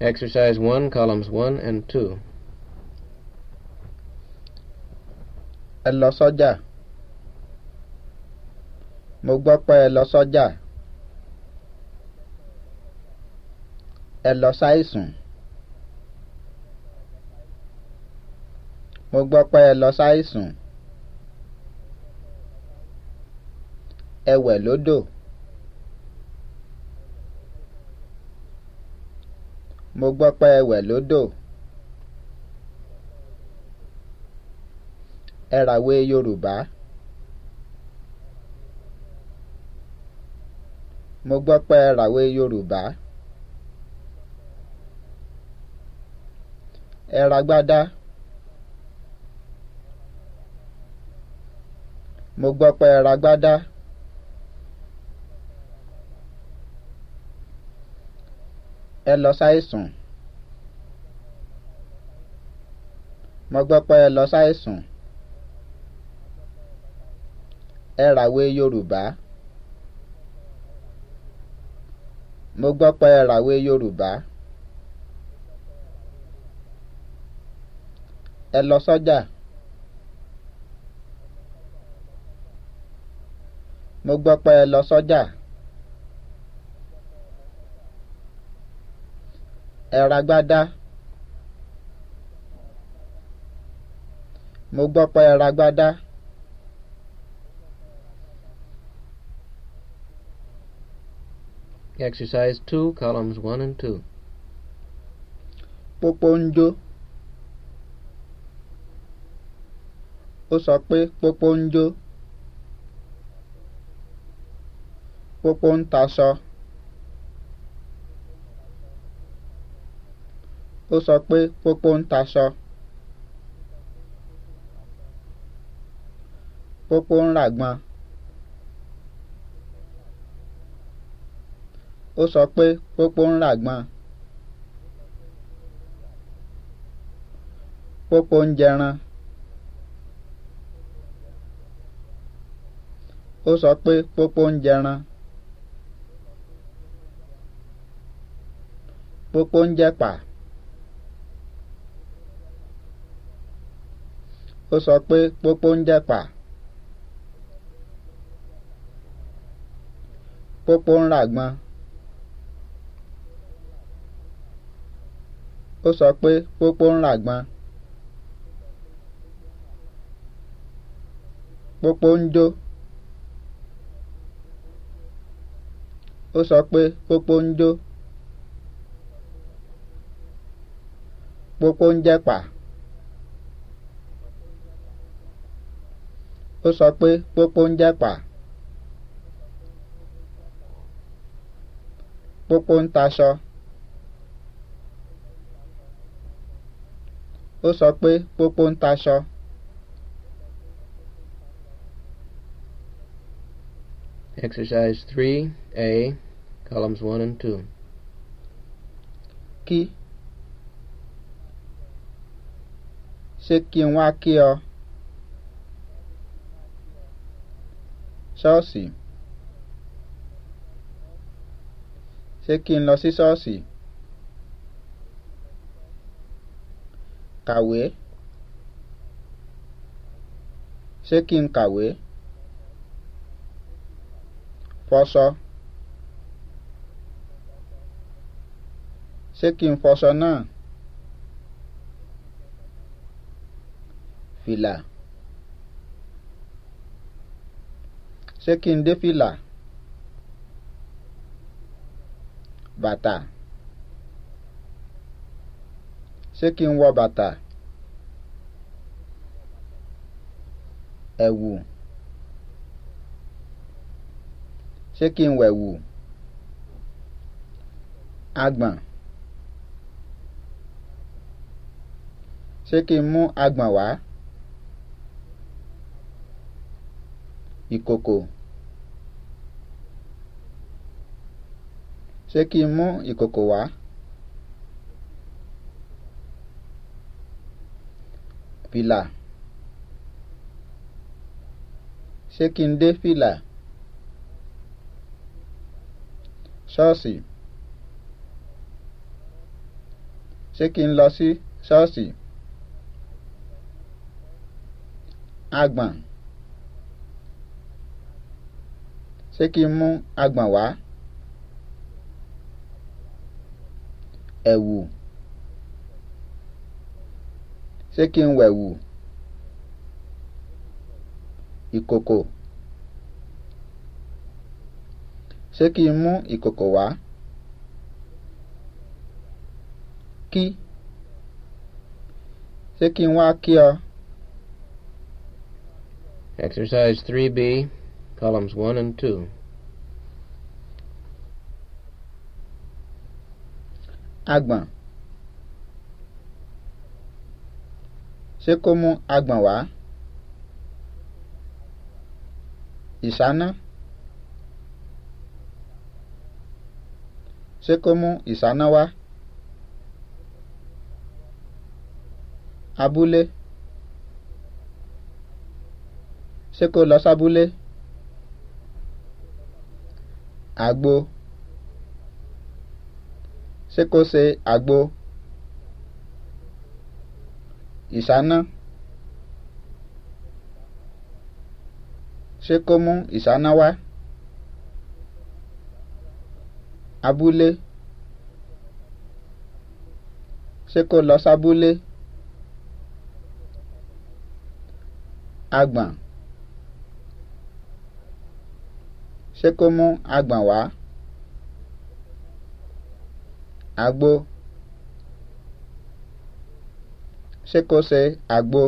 Exercise 1, columns 1 and 2. Ẹ lọ sọ́jà. Mo gbọ́ pé ẹ lọ sọ́jà. Ẹ lọ ṣàìsùn. Mo gbọ́ pé ẹ lọ ṣàìsùn. Ẹ wẹ̀ lódò. mo gbọ́ pé ẹ wẹ̀ lódò. ẹ ràwé yorùbá. mo gbọ́ pé ẹ yorùbá. ẹ mo gbọ́ pé ẹ ẹ lọ ṣàìsùn. mo gbọ́ pé ẹ lọ ṣàìsùn ẹ ràwé yorùbá mo gbọ́ pé ẹ ràwé yorùbá ẹ lọ sọ́jà mo gbọ́ pé ẹ lọ sọ́jà ẹ gbádá. mo gbọ́ pa ẹ̀rọ Exercise 2, columns 1 and 2. Pópó ń jó. Ó sọ pé pópó ń jó. Pópó ń taṣọ. Ó sọ pé pópó ń taṣọ. pópó ń ràgbọ̀n. ó sọ pé pópó ń ràgbọ̀n. pópó ń jẹran. ó sọ pé pópó ń jẹran. pópó ń jẹ̀pà. ó sọ pé pópó ń jẹ̀pà. pópó ń ràgbọ̀n. ó sọ pé pópó ń ràgbọ̀n. pópó ń jó. ó sọ pé pópó ń jó. pópó ń jẹ̀pà. ó sọ pé pópó ń jẹ̀pà. pópó ń taṣọ. ó sọ pé pópó ń Exercise 3A, columns 1 and 2. Kí. Ṣé kí n wá kí ọ? Ṣọ́ọ̀ṣì. ṣé kí n lọ sí ṣọ́ọ̀ṣì? kàwé ṣé kí n kàwé? fọṣọ ṣé kí n fọṣọ náà? fìlà ṣé kí n dé fìlà? bàtà ṣé kí n wọ bàtà ẹ̀wù ṣé kí n wẹ̀wù agbọ̀n ṣé kí n mú agbọ̀n wá ìkòkò. ṣé kí n mú ìkòkò wá. fìlà ṣé kí n dé fìlà ṣọ́ọ̀ṣì ṣé kí n lọ sí ṣọ́ọ̀ṣì àgbọ̀n ṣé kí n mú àgbọ̀n wá. ẹ̀wù ṣé kí n wẹ̀wù ìkòkò ṣé kí n mú ìkòkò wá kí ṣé kí n wá kí ọ. Exercise three b columns one and two. agbọ̀n ṣé kó mú agbọ̀n wá ìṣáná ṣé kó mú ìṣáná wá abúlé ṣé kó lọ sábúlé àgbo ṣé kó ṣe àgbo ìṣáná ṣé kó mú ìṣáná wá abúlé ṣé kó lọ sábúlé agbọ̀n ṣé kó mú agbọ̀n wá. Agbo. ṣé kó ṣe àgbo.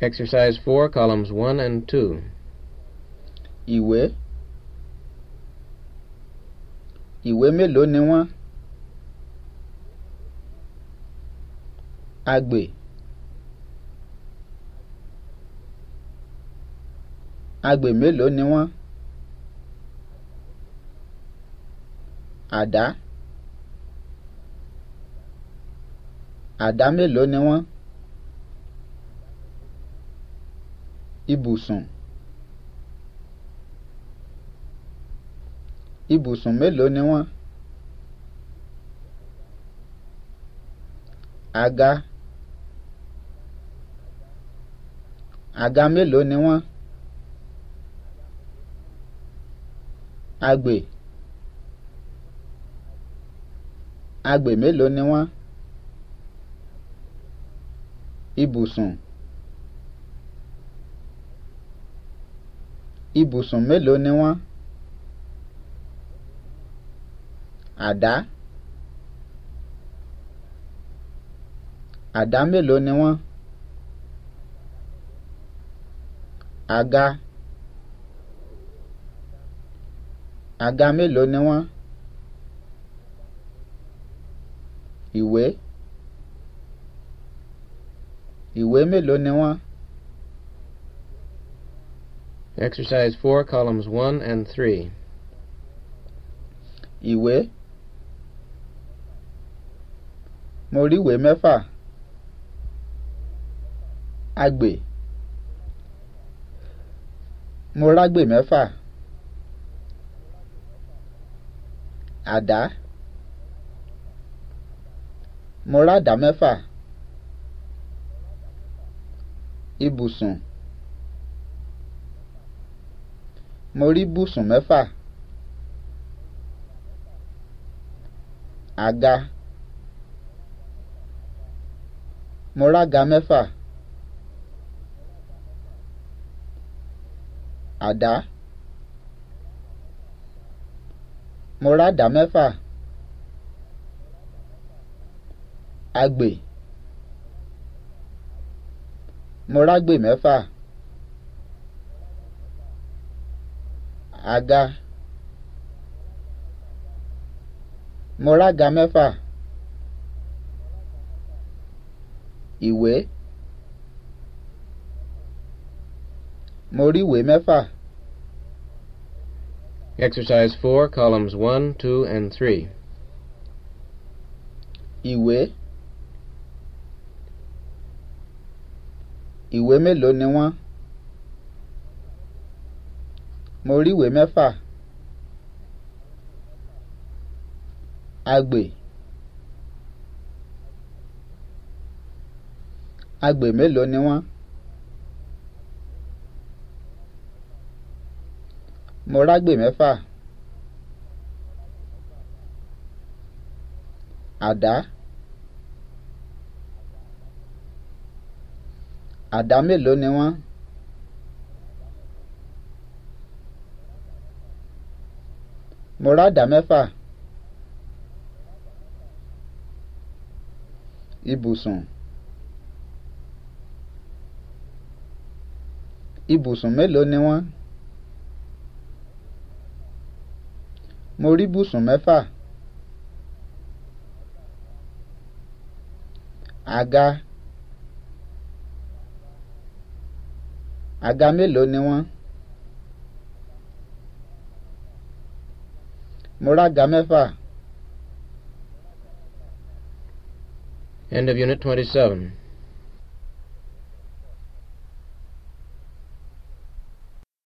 Exercise 4, columns 1 and 2. Iwe Ìwé mélòó ni wọ́n? Agbe. agbè mélòó ni wọ́n? àdá àdá mélòó ni wọ́n? ibùsùn ibùsùn mélòó ni wọ́n? àga àga mélòó ni wọ́n? agbè agbè mélòó ni wọ́n ibùsùn ibùsùn mélòó ni wọ́n àdá àdá mélòó ni wọ́n àga. àga mélòó ni wọ́n? ìwé ìwé mélòó ni wọ́n? Exercise 4, columns 1 and 3. Ìwé. Mo rí ìwé mẹ́fà. Agbè. Mo rágbè mẹ́fà. àdá mo rádàá mẹ́fà ibùsùn mo rí bùsùn mẹ́fà àga mo rága mẹ́fà àdá. mo rádà mẹ́fà agbè mo rágbè mẹ́fà àga mo rága mẹ́fà ìwé mo ríwèé mẹ́fà. Exercise 4, columns 1, 2, and 3. Ìwé Ìwé mélòó ni wọ́n? we me fa. mẹ́fà. Agbè Agbè lo ni wọ́n? mo rágbè Ada, àdá àdá mélòó ni wọ́n mo rádà mẹ́fà ibùsùn ibùsùn ni wọ́n. mo rí bùsùn mẹ́fà àga àga mélòó ni wọ́n mo rága mẹ́fà. End of Unit 27.